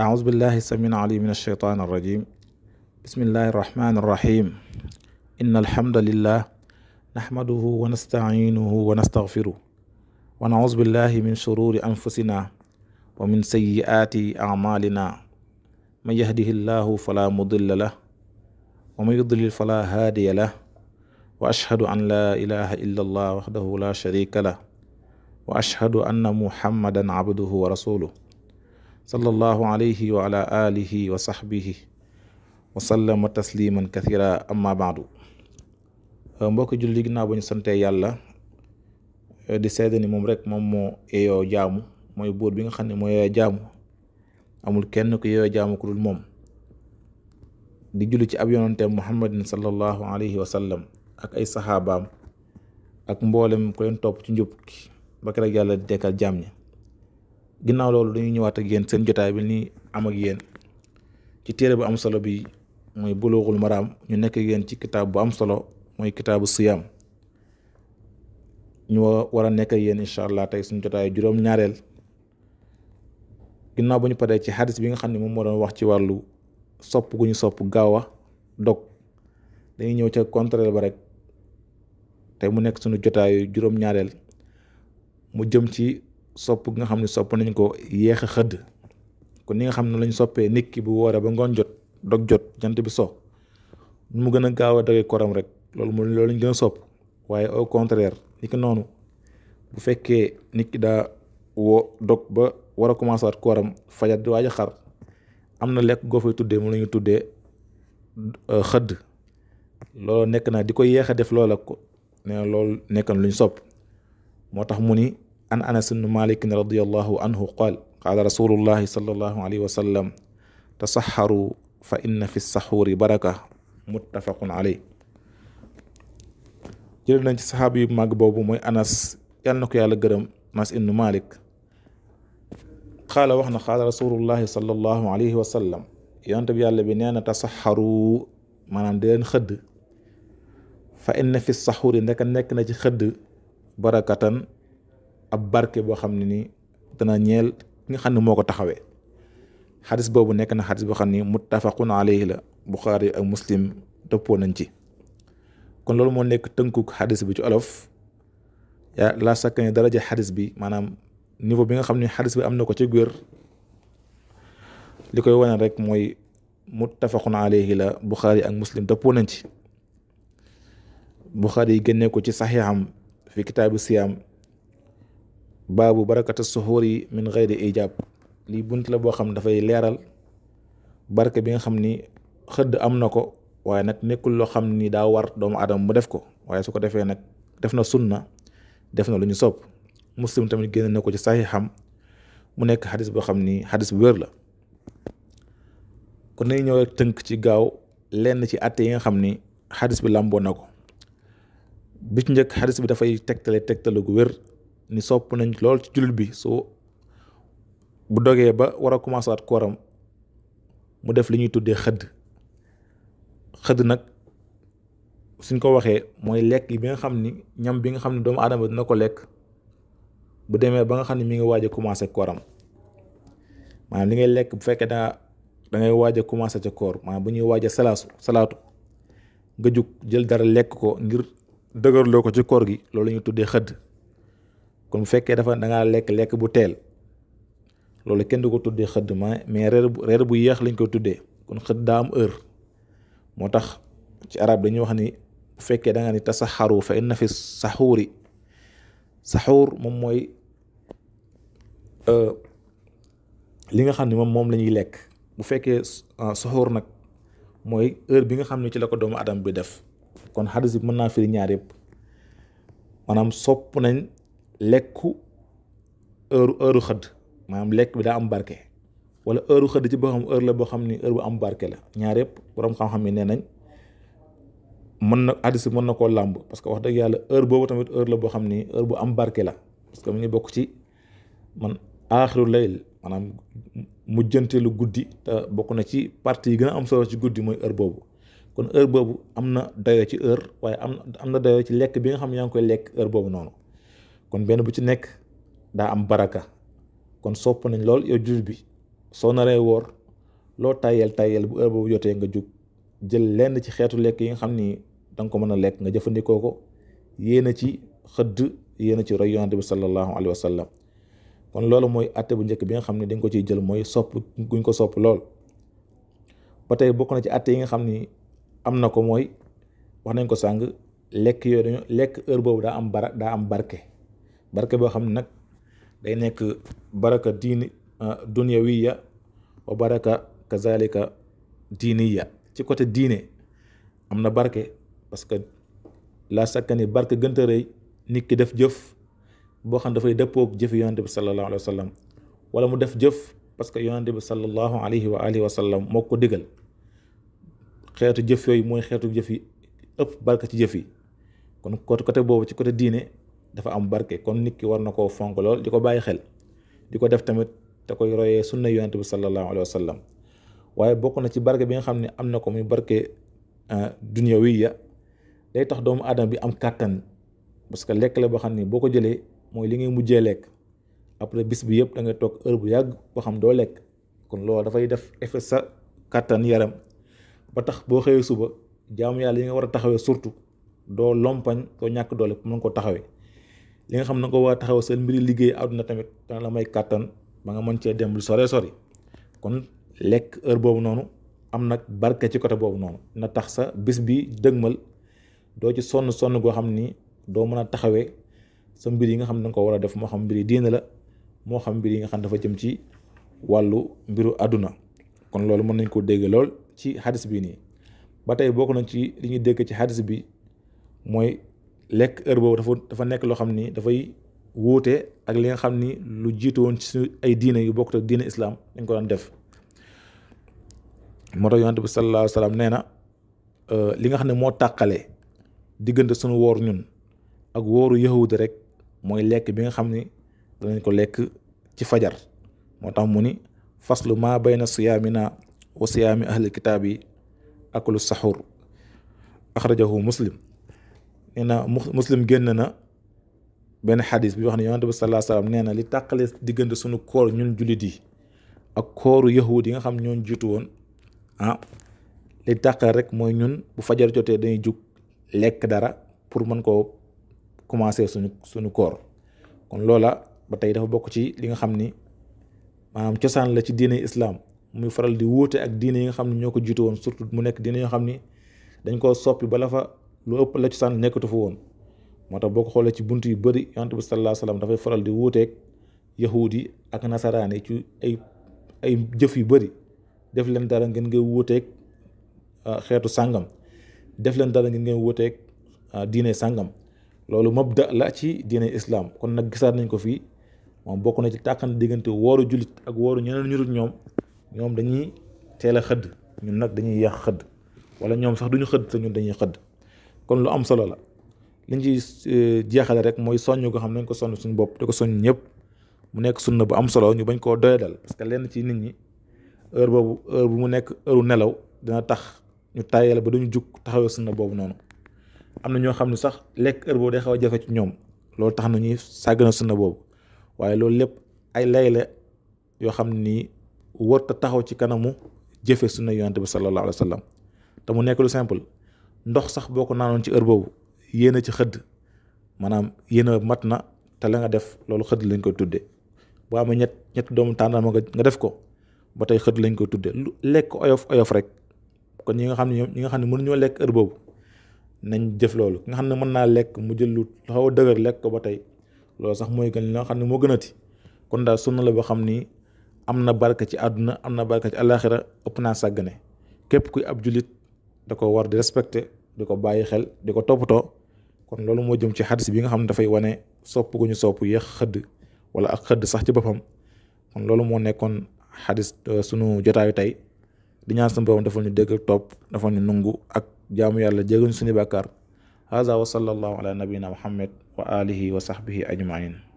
أعوذ بالله السميع العليم من الشيطان الرجيم بسم الله الرحمن الرحيم إن الحمد لله نحمده ونستعينه ونستغفره ونعوذ بالله من شرور أنفسنا ومن سيئات أعمالنا من يهده الله فلا مضل له ومن يضلل فلا هادي له وأشهد أن لا إله إلا الله وحده لا شريك له وأشهد أن محمدا عبده ورسوله sallallahu alayhi wa ala alihi wa sahbihi wa sallama tasliman kathira amma baadu mbokki julli ginnaaw ba ñu sante yàlla di seede ni moom rek moom moo yeyoo jaamu mooy buur bi nga xam ne mooy yeyoo jaamu amul kenn ku yeyoo jaamu ku dul moom di julli ci ab yonante muhammadin sallallahu alayhi wa sallam ak ay saxaabaam ak mboolem ku topp ci njub ba keroog yàlla di tekal jaam ñi ginnaaw loolu dañuy ñëwaat ak yéen seen jotaay bi ni am ak yéen ci téere bu am solo bi mooy buluuxul maraam ñu nekk ak ci kitaab bu am solo mooy kitaabu siyaam ñu war a nekk ak yéen incha allah tey suñu jotaay juróom ginnaaw ba ñu ci xadis bi nga xam ne moom moo doon wax ci wàllu sopp gu gaaw a dog dañuy ñëw ca contraire ba rek tey mu nekk suñu jotaayu juróom-ñaareel mu jëm ci. sopp nga xam ne sopp nañ ko yéex a xëdd kon ni nga xam ne lañ soppee nit ki bu wooree ba ngoon jot dog jot jant bi so mu gën a gaaw a dogee koram rek loolu mooy loolu lañ gën a sopp waaye au contraire ni ki noonu bu fekkee nit ki daa woo dog ba war a commencé at kooram fajar di waaj a xar am na lekk goo fay tuddee mu la tuddee euh, xëdd loolu nekk naa di ko yéex a def loola ko nee na loolu nekk luñ lu sopp moo tax mu ni an anas bnu malikin radiallahu anhu qaal qaala rasulullahi sallallahu alayhi wa sallam tasaxaru fa inna fi saxuuri baraka muttafaqun aley jël nañ ci saxaaba yu màgg boobu mooy anas yal na ko yàlla gërëm anas ibnu malik qaala wax na qaala rasulullahi sallallahu alayhi wa sallam yonent bi yàlla bi nee na tasaxaru maanaam di xëdd fa inna fi saxuuri ndeka nekk na ci xëdd barakatan ab barke boo xam ne ni dana ñeel ki nga xam ne moo ko taxawee xadis boobu nekk na xadis boo xam ni muttafaqun alayhi la buxaari ak muslim toppoo nañ ci kon loolu moo nekk tënkuk xadis bi ci olof la sàkk ne daraja xadis bi maanaam niveau bi nga xam ne xadis bi am na ko ci góor li koy wane rek mooy muttafaqun alayhi la buxaari ak muslim toppoo nañ ci buxaari yi génnee ko ci saxiixam fi kitaabu siyaam bu baabu barakata suxuuri min xayri ijaab lii bunt la boo xam ne dafay leeral barke bi nga xam ni xëdd am na ko waaye nag nekkul loo xam ni daa war doomu aadama mu def ko waaye su ko defee nag def na sunna def na lu ñu sopp muslim tamit génn na ko ci xam mu nekk xadis boo xam ni xadis bu wér la kon nañu ñëw tënk ci gaaw lenn ci àtte yi nga xam ni xadis bi làmboo na ko bi ci njëkk xadis bi dafay tegtale tegtalu gu wér ni sopp nañ lool ci jullit bi su bu dogee ba war a commencé at kooram mu def li ñuy tuddee xëdd xëdd nag suñ ko waxee mooy lekk bi nga xam ni ñam bi nga xam ni doomu aadama dina ko lekk bu demee ba nga xam ni mu ngi waaj a commencé kooram maa ni ngay lekk bu fekkee daa da ngay waaj a commencé ca koor bu ñuy waaj a salaasu salaatu nga jug jël dara lekk ko ngir dëgërloo ko ci koor gi loolu ñuy tuddee xëdd kon bu fekkee dafa dangaa lekk lekk bu teel loolu kenn du ko tuddee xëdd ma mais reer bu reer bu yéex lañ ko tuddee kon xëdd daa am heure moo tax ci arab dañuy wax ni bu fekkee da nga ni tasaxaru fa inna fi saxuuri saxuur moom mooy euh, li nga xam ne moom moom la lekk bu fekkee ah, saxuur nag mooy heure bi nga xam ne ci la ko doomu adam bi def kon xadis bi mën naa firi ñaar yëpp maanaam sopp nañ. lekku heure heure xëdd maanaam lekk bi daa am barke wala heure xëdd ci boo xam heure la boo xam ni heure bu am barke la ñaar yëpp borom xam-xam nee nañ mën na hadiis mën na koo làmb parce que wax dëgg yàlla heure boobu tamit heure la boo xam ni heure bu am barke la parce que mu ci man aaxiru layl maanaam mujjanteelu guddi bokk na ci partie yi gën a am solo ci guddi mooy heure boobu kon heure boobu am na dayoo ci heure waaye am am na dayoo ci lekk bi nga xam yaa ngi koy lekk heure boobu noonu. kon benn bu ci nekk daa am baraka kon sopp nañ lool yow jur bi soo naree woor loo tayel tayel bu heure boobu jotee nga jug jël lenn ci xeetu lekk yi nga xam ni da ko mën a lekk nga jëfandikoo ko yéen a ci xëdd yéen a ci roy yonante bi sallallahu alayhi wa sallam kon loolu mooy àtte bu njëkk bi nga xam ne dañ ko ciy jël mooy sopp guñ ko sopp lool ba tey bokk na ci àtte yi nga xam ni am na ko mooy wax nañ ko sàng lekk yooyu dañu lekk heure boobu daa am bara daa am barke barke boo xam ne nag day nekk baraka diini ah, dunyawiya wa baraka kazalika diiniya ci côté diine am na barke parce que la sakkani barke gënt a rëy nit ki def jëf boo xam dafay dëppoog jëfi yonante bi sallallahu alayhi wa sallam wala mu def jëf parce que yonante bi sallallahu alayhi wa alihi wa moo ko digal jëf yooyu mooy xeetu jëf yi ëpp barke ci jëf kon côté côté boobu ci côté diine dafa am barke kon nit ki war na koo fonk lool di ko bàyyi xel di ko def tamit te koy royee sunna yonent bi sallallahu alayhi wa sallam waaye bokk na ci barke bi nga xam ne am na ko muy barke ah, ya day tax doomu aadama bi am kàttan parce que lekk la boo xam ne boo ko jëlee mooy li ngay mujjee lekk après bis bi yëpp da ngay toog heure bu yàgg boo xam doo lekk kon loolu dafay def effet sa kàttan yaram ba tax boo xëyee suba jaamu yàlla yi nga war a taxawee surtout doo lompañ doo ñàkk doole mën ko taxawee li nga xam ne na ko war a taxaw seen mbiri liggéey àdduna tamit dana la may kàttan ba nga mën cee dem lu sore sori kon lekk heure boobu noonu am nag barke ci côté boobu noonu na tax sa bis bi dëgmal doo ci sonn sonn goo xam ni doo mën a taxawee sa mbir yi nga xam ne danga ko war a def moo xam mbiri diine la moo xam mbir yi nga xam dafa jëm ci wàllu mbiru àdduna kon loolu mën nañ koo dégg lool ci hadis bi nii ba tey bokk nañ ci li ñuy dégg ci hadis bi mooy lekk heure boobu dafa dafa nekk loo xam ni dafay wuute ak li nga xam ni lu jiitu woon ci suñu ay diine yu bokkute ak diine islaam dañ ko daan def moo tax yonent bi sallallahu alayhi wa nee na euh, li nga xam ne moo tàqale diggante suñu woor ñun ak wooru yahudi rek mooy lekk bi nga xam ni danañ ko lekk ci fajar moo tax mu ni faslu ma bayna siyaamina wa siyaami ahli kitaab yi aklu saxur axrajahu muslim nee na muslim génn na benn xadis bi wax ne yonante bi salaa salaam nee na li tàqale diggante suñu koor ñun jullit yi ak kooru yahud yi nga xam ñoon jiitu woon ah li tàqale rek mooy ñun bu fajar jotee dañuy jug lekk dara pour mën koo commencer suñu suñu koor kon loola ba tey dafa bokk ci li nga xam ni maanaam cosaan la ci diine islaam muy faral di wuute ak diine yi xam ne ñoo ko jiitu woon surtout mu nekk diine yoo xam ni dañ koo soppi bala fa lu ëpp la cosaan nekkatu fi woon moo tax boo ko xoolee ci bunt yu bari yonent bi sallallahu alayhi faral di wuuteeg yahuud ak nasaraan yi ci ay ay jëf yu bari def leen dara ngeen ngay wuuteeg ah, xeetu sàngam def leen dara ngeen ngay wuuteeg ah, diine sàngam loolu mabda la ci diine islaam kon nag gisaat nañ ko fii moom bokk na ci tàkkan diggante wooru jullit ak wooru ñeneen ñu dul ñoom ñoom dañuy teel a xëdd ñun nag dañuy yàq xëdd wala ñoom sax duñu xëdd te ñun dañuy xëdd kon lu am solo la liñ ci eh, jeexale rek mooy soññ goo xam nañ ko sonn suñu bopp di ko soññ ñëpp mu nekk na bu am solo ñu bañ koo doyadal parce que lenn ci nit ñi heure boobu heure bu mu nekk heure nelaw dina tax ñu tàyyal ba duñu jug taxawee sunna boobu noonu am na ñoo xam ne sax lekk heure boobu day xaw a jafe ci ñoom loolu tax na ñuy sàgg na sunna boobu waaye loolu lépp ay lay la yoo xam ni warta taxaw ci kanamu jëfe sunna yonante bi sallallahu alayhi wa sallam te mu nekk lu simple ndox sax boo ko naanoon ci heure boobu yéen a ci xëdd maanaam yéen mat na te la nga def loolu xëdd lañ koy tudde boo amee ñett ñett doomu tàndarma nga def ko ba tey xëdd lañ koy tudde lu lekk oyof oyof rek kon ñi nga xam ne ñoom ñi nga xam ne mënuñoo lekk heure boobu nañ jëf loolu nga xam ne mën naa lekk mu jël lu xaw a dëgër lekk ko ba tey loolu sax mooy gën li xam ne moo gënati kon daal sunna la boo xam ni am na barka ci àdduna am na barka ci àllaaxira ëpp naa sàggane képp kuy ab julit da ko war di respecte di ko bàyyi xel di ko toppatoo kon loolu moo jëm ci xadis bi nga xam ne dafay wane sopp gu ñu sopp yéex xëdd wala ak xëdd sax ci boppam kon loolu moo nekkoon xadis euh, sunu jotaayu tey di ñaan sama borom defal ñu dégg ak topp defal ñu nungu ak jaamu yàlla jégguñ suñu bàkkaar haza wa sallallahu ala nabiyina muhammad wa alihi wa sahbihi ajmain